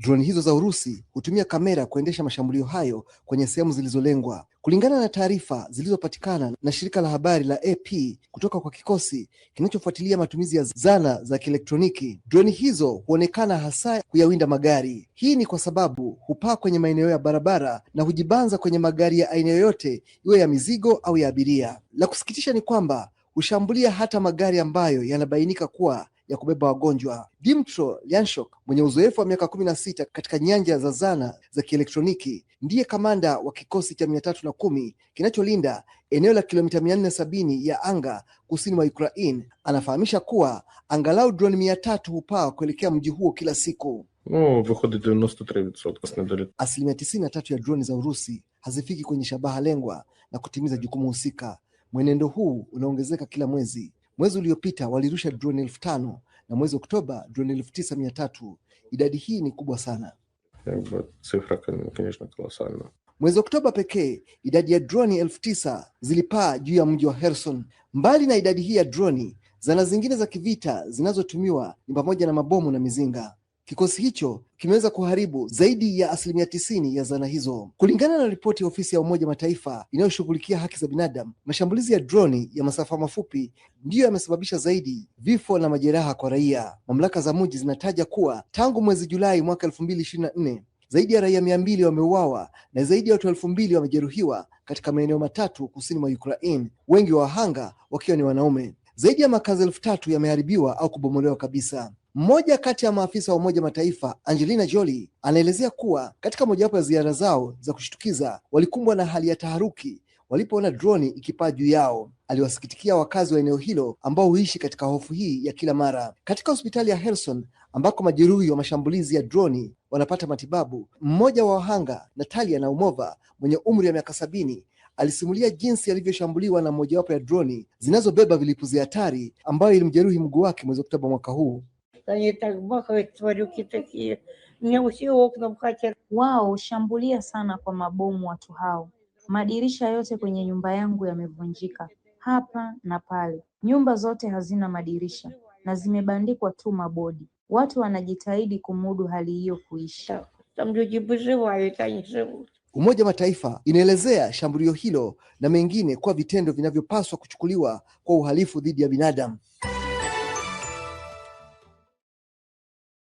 Droni hizo za Urusi hutumia kamera kuendesha mashambulio hayo kwenye sehemu zilizolengwa. Kulingana na taarifa zilizopatikana na shirika la habari la AP kutoka kwa kikosi kinachofuatilia matumizi ya zana za kielektroniki, droni hizo huonekana hasa kuyawinda magari. Hii ni kwa sababu hupaa kwenye maeneo ya barabara na hujibanza kwenye magari ya aina yoyote, iwe ya mizigo au ya abiria. La kusikitisha ni kwamba hushambulia hata magari ambayo yanabainika kuwa ya kubeba wagonjwa. Dimtro Lyanshok mwenye uzoefu wa miaka kumi na sita katika nyanja za zana za kielektroniki ndiye kamanda wa kikosi cha mia tatu na kumi kinacholinda eneo la kilomita mia nne sabini ya anga kusini mwa Ukraine. Anafahamisha kuwa angalau droni mia tatu hupaa kuelekea mji huo kila siku. asilimia tisini na tatu ya droni za Urusi hazifiki kwenye shabaha lengwa na kutimiza jukumu husika. Mwenendo huu unaongezeka kila mwezi Mwezi uliopita walirusha droni elfu tano na mwezi Oktoba drone elfu tisa mia tatu. Idadi hii ni kubwa sana. Mwezi Oktoba pekee idadi ya droni elfu tisa zilipaa juu ya mji wa Herson. Mbali na idadi hii ya droni, zana zingine za kivita zinazotumiwa ni pamoja na mabomu na mizinga. Kikosi hicho kimeweza kuharibu zaidi ya asilimia tisini ya zana hizo, kulingana na ripoti ya ofisi ya Umoja Mataifa inayoshughulikia haki za binadamu. Mashambulizi ya droni ya masafa mafupi ndiyo yamesababisha zaidi vifo na majeraha kwa raia. Mamlaka za mji zinataja kuwa tangu mwezi Julai mwaka elfu mbili ishirini na nne zaidi ya raia mia mbili wameuawa na zaidi ya watu elfu mbili wamejeruhiwa katika maeneo matatu kusini mwa Ukraine, wengi wa wahanga wakiwa ni wanaume. Zaidi ya makazi elfu tatu yameharibiwa au kubomolewa kabisa. Mmoja kati ya maafisa wa Umoja Mataifa Angelina Jolie anaelezea kuwa katika mojawapo ya ziara zao za kushtukiza walikumbwa na hali ya taharuki walipoona droni ikipaa juu yao. Aliwasikitikia wakazi wa eneo hilo ambao huishi katika hofu hii ya kila mara. Katika hospitali ya Helson ambako majeruhi wa mashambulizi ya droni wanapata matibabu, mmoja wa wahanga Natalia Naumova mwenye umri wa miaka sabini alisimulia jinsi alivyoshambuliwa na mojawapo ya droni zinazobeba vilipuzi hatari ambayo ilimjeruhi mguu wake mwezi Oktoba mwaka huu. Они так бахают, тварюки такие. Мне все окна в хате. Wao hushambulia sana kwa mabomu watu hao. Madirisha yote kwenye nyumba yangu yamevunjika, hapa na pale. Nyumba zote hazina madirisha na zimebandikwa tu mabodi. Watu wanajitahidi люди hali hiyo живут. Umoja wa Mataifa inaelezea shambulio hilo na mengine kuwa vitendo vinavyopaswa kuchukuliwa kwa uhalifu dhidi ya binadamu.